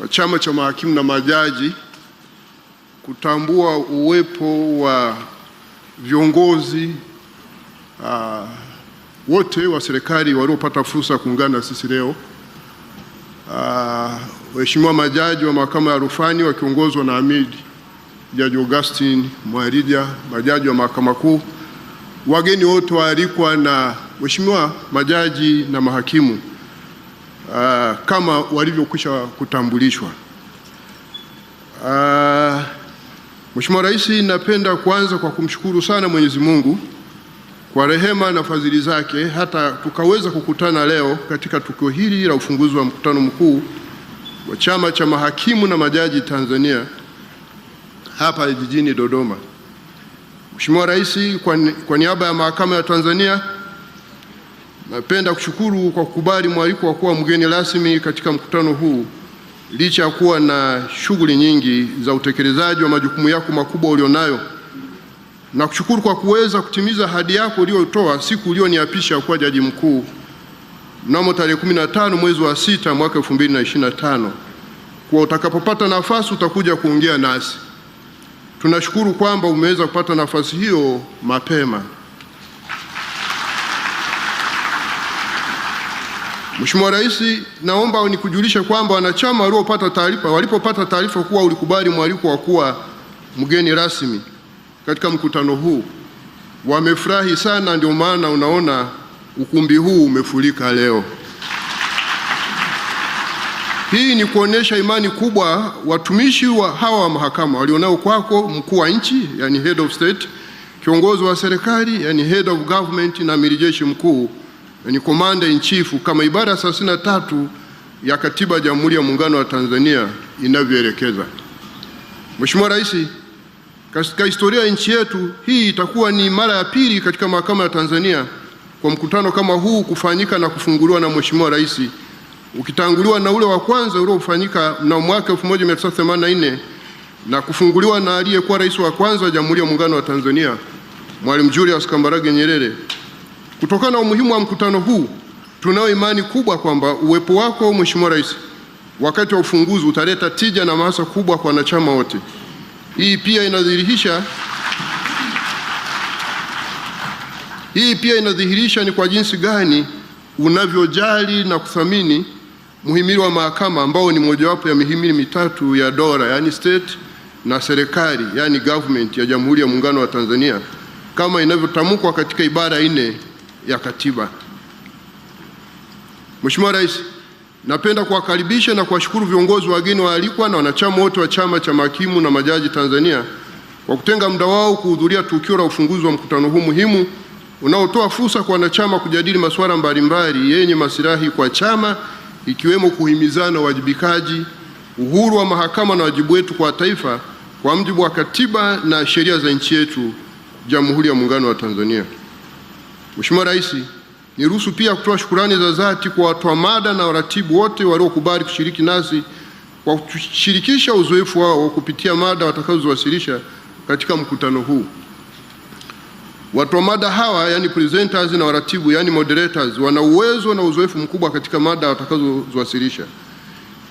wa Chama cha Mahakimu na Majaji kutambua uwepo wa viongozi uh, wote wa serikali waliopata fursa ya kuungana na sisi leo. Ah, waheshimiwa uh, majaji wa mahakama ya rufani wakiongozwa na amidi Jaji Augustin Mwarija, majaji wa mahakama kuu, wageni wote waalikwa na waheshimiwa majaji na mahakimu uh, kama walivyokwisha kutambulishwa. Uh, Mheshimiwa Rais, napenda kuanza kwa kumshukuru sana Mwenyezi Mungu kwa rehema na fadhili zake hata tukaweza kukutana leo katika tukio hili la ufunguzi wa mkutano mkuu wa Chama cha Mahakimu na Majaji Tanzania hapa jijini Dodoma. Mheshimiwa Rais, kwa niaba ya Mahakama ya Tanzania Napenda kushukuru kwa kukubali mwaliko wa kuwa mgeni rasmi katika mkutano huu licha ya kuwa na shughuli nyingi za utekelezaji wa majukumu yako makubwa ulionayo, na kushukuru kwa kuweza kutimiza ahadi yako uliyotoa siku ulioniapisha kuwa jaji mkuu mnamo tarehe 15 mwezi wa sita mwaka 2025 kwa utakapopata nafasi utakuja kuongea nasi. Tunashukuru kwamba umeweza kupata nafasi hiyo mapema. Mheshimiwa Rais, naomba nikujulishe kwamba wanachama waliopata taarifa walipopata taarifa kuwa ulikubali mwaliko wa kuwa mgeni rasmi katika mkutano huu wamefurahi sana, ndio maana unaona ukumbi huu umefurika leo. Hii ni kuonesha imani kubwa watumishi wa hawa wa mahakama walionao kwako, mkuu wa nchi, yani head of state, kiongozi wa serikali, yani head of government, na amiri jeshi mkuu ni komanda in chief kama ibara ya 33 ya katiba ya Jamhuri ya Muungano wa Tanzania inavyoelekeza. Mheshimiwa Rais, katika historia ya nchi yetu hii itakuwa ni mara ya pili katika mahakama ya Tanzania kwa mkutano kama huu kufanyika na kufunguliwa na Mheshimiwa Rais, ukitanguliwa na ule wa kwanza uliofanyika mnamo mwaka 1984 na kufunguliwa na aliyekuwa rais wa kwanza wa Jamhuri ya Muungano wa Tanzania Mwalimu Julius Kambarage Nyerere. Kutokana na umuhimu wa mkutano huu, tunayo imani kubwa kwamba uwepo wako Mheshimiwa Rais wakati wa ufunguzi utaleta tija na maasa kubwa kwa wanachama wote. Hii pia inadhihirisha hii pia inadhihirisha ni kwa jinsi gani unavyojali na kuthamini muhimili wa mahakama ambao ni mojawapo ya mihimili mitatu ya dola, yani state na serikali, yani government ya Jamhuri ya Muungano wa Tanzania kama inavyotamkwa katika ibara nne ya katiba. Mheshimiwa Rais, napenda kuwakaribisha na kuwashukuru viongozi wageni waalikwa na wanachama wote wa Chama cha Mahakimu na Majaji Tanzania kwa kutenga muda wao kuhudhuria tukio la ufunguzi wa mkutano huu muhimu unaotoa fursa kwa wanachama kujadili masuala mbalimbali yenye masilahi kwa chama ikiwemo kuhimizana uwajibikaji, uhuru wa mahakama na wajibu wetu kwa taifa kwa mujibu wa katiba na sheria za nchi yetu, Jamhuri ya Muungano wa Tanzania. Mheshimiwa Rais, niruhusu pia kutoa shukurani za dhati kwa watoa mada na waratibu wote waliokubali kushiriki nasi kwa kushirikisha uzoefu wao kupitia mada watakazowasilisha katika mkutano huu. Watoa mada hawa yani presenters na waratibu yani moderators wana uwezo na uzoefu mkubwa katika mada watakazowasilisha.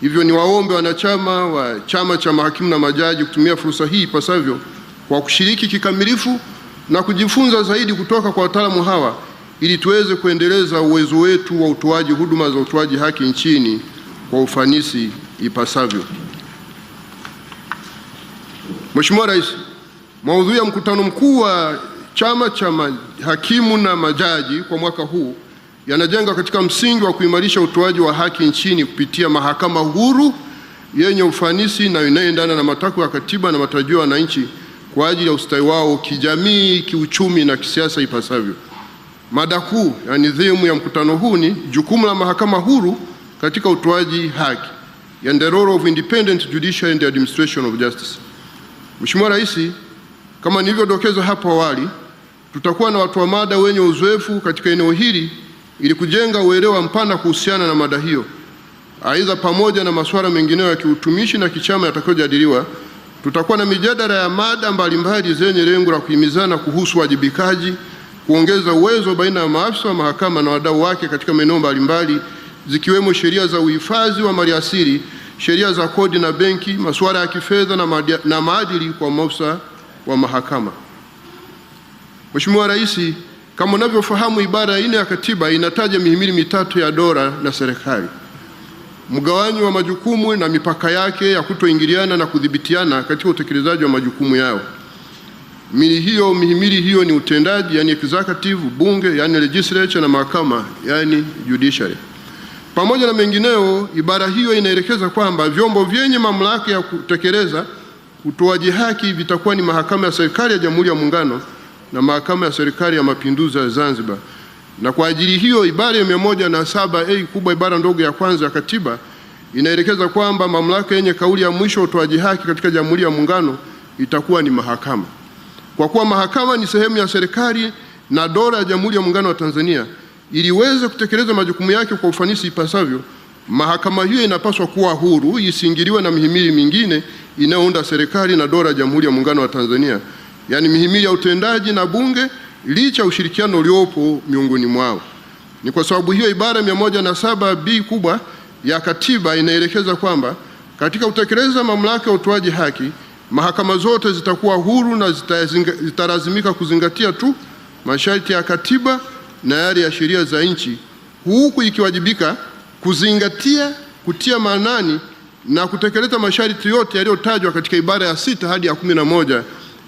Hivyo ni waombe wanachama wa Chama cha Mahakimu na Majaji kutumia fursa hii ipasavyo kwa kushiriki kikamilifu na kujifunza zaidi kutoka kwa wataalamu hawa ili tuweze kuendeleza uwezo wetu wa utoaji huduma za utoaji haki nchini kwa ufanisi ipasavyo. Mheshimiwa Rais, maudhui ya mkutano mkuu wa Chama cha Mahakimu na Majaji kwa mwaka huu yanajenga katika msingi wa kuimarisha utoaji wa haki nchini kupitia mahakama huru yenye ufanisi na inayoendana na matakwa ya katiba na matarajio ya wananchi kwa ajili ya ustawi wao kijamii, kiuchumi na kisiasa ipasavyo. Mada kuu ya nidhimu ya mkutano huu ni jukumu la mahakama huru katika utoaji haki, and the role of independent judiciary and the administration of justice. Mheshimiwa Rais, kama nilivyodokeza hapo awali, tutakuwa na watu wa mada wenye uzoefu katika eneo hili ili kujenga uelewa mpana kuhusiana na mada hiyo. Aidha, pamoja na masuala mengineyo ya kiutumishi na kichama yatakayojadiliwa Tutakuwa na mijadala ya mada mbalimbali zenye lengo la kuhimizana kuhusu wajibikaji, kuongeza uwezo baina ya maafisa wa mahakama na wadau wake katika maeneo mbalimbali zikiwemo sheria za uhifadhi wa maliasili, sheria za kodi na benki, masuala ya kifedha na maadili kwa maafisa wa mahakama. Mheshimiwa Rais, kama unavyofahamu, ibara ya nne ya katiba inataja mihimili mitatu ya dola na serikali mgawanyo wa majukumu na mipaka yake ya kutoingiliana na kudhibitiana katika utekelezaji wa majukumu yao. Mili hiyo, mihimili hiyo ni utendaji, yani executive, bunge, yani legislature, na mahakama, yani judiciary. Pamoja na mengineo, ibara hiyo inaelekeza kwamba vyombo vyenye mamlaka ya kutekeleza utoaji haki vitakuwa ni mahakama ya serikali ya Jamhuri ya Muungano na mahakama ya serikali ya Mapinduzi ya Zanzibar na kwa ajili hiyo ibara ya saba a kubwa ibara ndogo ya kwanza ya katiba inaelekeza kwamba mamlaka yenye kauli ya mwisho utoaji haki katika Jamhuri ya Muungano itakuwa ni mahakama. Kwa kuwa mahakama ni sehemu ya serikali na dola ya Jamhuri ya Muungano wa Tanzania, ili iweze kutekeleza majukumu yake kwa ufanisi ipasavyo, mahakama hiyo inapaswa kuwa huru, isingiliwe na mihimili mingine inayounda serikali na dola ya Jamhuri ya Muungano wa Tanzania, yaani mihimili ya utendaji na Bunge licha ya ushirikiano uliopo miongoni mwao. Ni kwa sababu hiyo ibara mia moja na saba b kubwa ya katiba inaelekeza kwamba katika kutekeleza mamlaka ya utoaji haki mahakama zote zitakuwa huru na zitalazimika kuzingatia tu masharti ya katiba na yale ya sheria za nchi, huku ikiwajibika kuzingatia, kutia maanani na kutekeleza masharti yote yaliyotajwa katika ibara ya sita hadi ya kumi na moja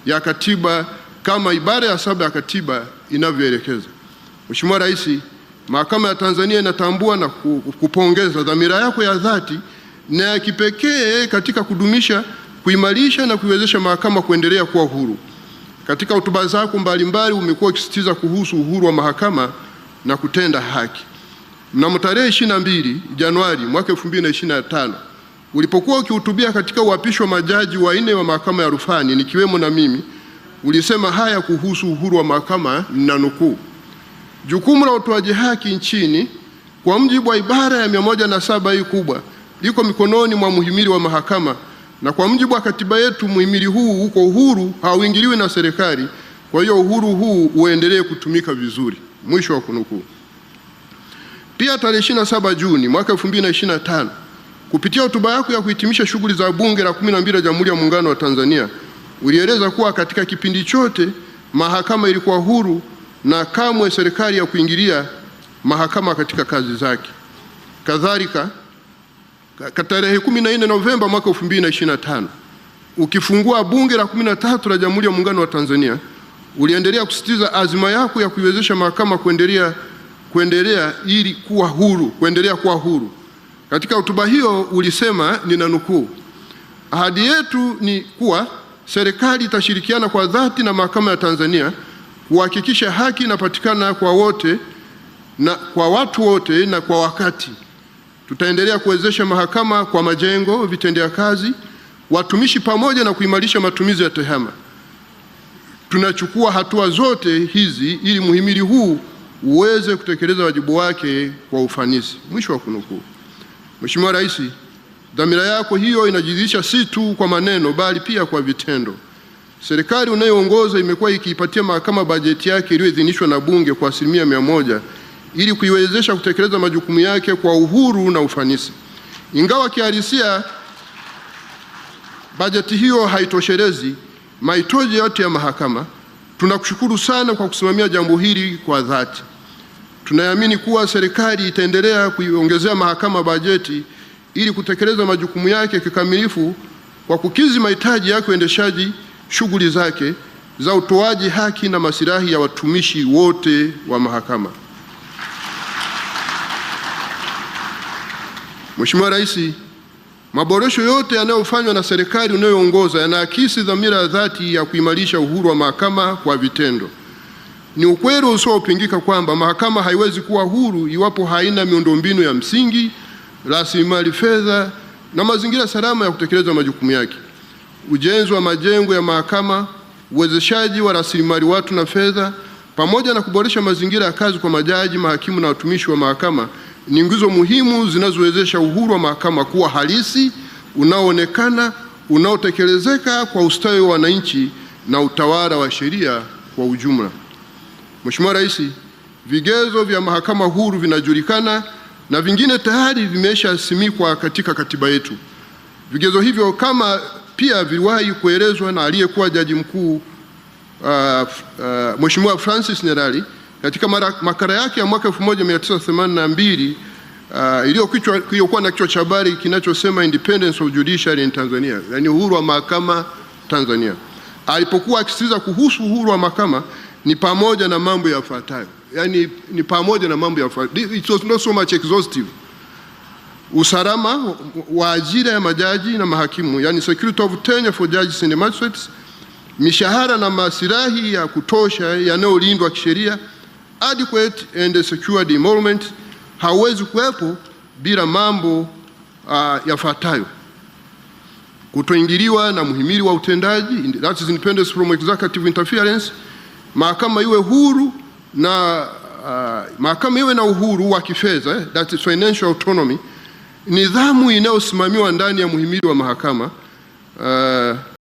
ya katiba kama ibara ya saba ya katiba inavyoelekeza. Mheshimiwa Rais, Mahakama ya Tanzania inatambua na kupongeza dhamira yako ya dhati na ya kipekee katika kudumisha, kuimarisha na kuiwezesha mahakama kuendelea kuwa huru. Katika hotuba zako mbalimbali umekuwa ukisisitiza kuhusu uhuru wa mahakama na kutenda haki. Mnamo tarehe 22 Januari mwaka 2025 ulipokuwa ukihutubia katika uapisho wa majaji wanne wa mahakama ya rufani nikiwemo na mimi ulisema haya kuhusu uhuru wa mahakama eh? na nukuu, jukumu la utoaji haki nchini kwa mjibu wa ibara ya saba hii kubwa liko mikononi mwa muhimili wa mahakama, na kwa mjibu wa katiba yetu muhimili huu uko uhuru, hauingiliwi na serikali. Kwa hiyo uhuru huu uendelee kutumika vizuri. Mwisho wa kunukuu. Pia tarehe 27 Juni mwaka 2025 kupitia hotuba yako ya kuhitimisha shughuli za Bunge la 12 la Jamhuri ya Muungano wa Tanzania ulieleza kuwa katika kipindi chote mahakama ilikuwa huru na kamwe serikali ya kuingilia mahakama katika kazi zake. Kadhalika, tarehe 14 Novemba mwaka 2025 ukifungua bunge la 13 la Jamhuri ya Muungano wa Tanzania uliendelea kusisitiza azima yako ya kuiwezesha mahakama kuendelea kuendelea ili kuwa huru, kuendelea kuwa huru. Katika hotuba hiyo ulisema, ninanukuu, ahadi yetu ni kuwa serikali itashirikiana kwa dhati na mahakama ya Tanzania kuhakikisha haki inapatikana kwa wote na kwa watu wote na kwa wakati. Tutaendelea kuwezesha mahakama kwa majengo, vitendea kazi, watumishi pamoja na kuimarisha matumizi ya tehama. Tunachukua hatua zote hizi ili muhimili huu uweze kutekeleza wajibu wake kwa ufanisi. Mwisho wa kunukuu. Mheshimiwa Rais Dhamira yako hiyo inajidhihirisha si tu kwa maneno, bali pia kwa vitendo. Serikali unayoongoza imekuwa ikiipatia mahakama bajeti yake iliyoidhinishwa na bunge kwa asilimia mia moja ili kuiwezesha kutekeleza majukumu yake kwa uhuru na ufanisi. Ingawa kihalisia bajeti hiyo haitoshelezi mahitaji yote ya mahakama, tunakushukuru sana kwa kusimamia jambo hili kwa dhati. Tunaamini kuwa serikali itaendelea kuiongezea mahakama bajeti ili kutekeleza majukumu yake kikamilifu kwa kukidhi mahitaji yake uendeshaji shughuli zake za utoaji haki na masilahi ya watumishi wote wa mahakama. Mheshimiwa Rais, maboresho yote yanayofanywa na serikali unayoongoza yanaakisi dhamira ya dhati ya kuimarisha uhuru wa mahakama kwa vitendo. Ni ukweli usiopingika kwamba mahakama haiwezi kuwa huru iwapo haina miundombinu ya msingi rasilimali fedha na mazingira salama ya kutekeleza majukumu yake, ujenzi wa majengo ya mahakama, uwezeshaji wa rasilimali watu na fedha, pamoja na kuboresha mazingira ya kazi kwa majaji, mahakimu na watumishi wa mahakama ni nguzo muhimu zinazowezesha uhuru wa mahakama kuwa halisi, unaoonekana, unaotekelezeka kwa ustawi wa wananchi na utawala wa sheria kwa ujumla. Mheshimiwa Rais, vigezo vya mahakama huru vinajulikana na vingine tayari vimeshasimikwa katika katiba yetu. Vigezo hivyo kama pia viliwahi kuelezwa na aliyekuwa jaji mkuu uh, uh, Mheshimiwa Francis Nyerali katika mara, makala yake ya mwaka 1982 uh, iliyokuwa iliyokuwa na kichwa cha habari kinachosema Independence of Judiciary in Tanzania, yani uhuru wa mahakama Tanzania, alipokuwa akisisitiza kuhusu uhuru wa mahakama ni pamoja na mambo yafuatayo, yani ni pamoja na mambo yafuatayo. It was not so much exhaustive. Usalama wa ajira ya majaji na mahakimu, yani security of tenure for judges and magistrates, mishahara na masilahi ya kutosha yanayolindwa kisheria, adequate and secured emolument hawezi kuwepo bila mambo uh, yafuatayo: kutoingiliwa na muhimili wa utendaji, that is independence from executive interference mahakama iwe huru na uh, mahakama iwe na uhuru wa kifedha, eh, that is financial autonomy, nidhamu inayosimamiwa ndani ya muhimili wa mahakama uh,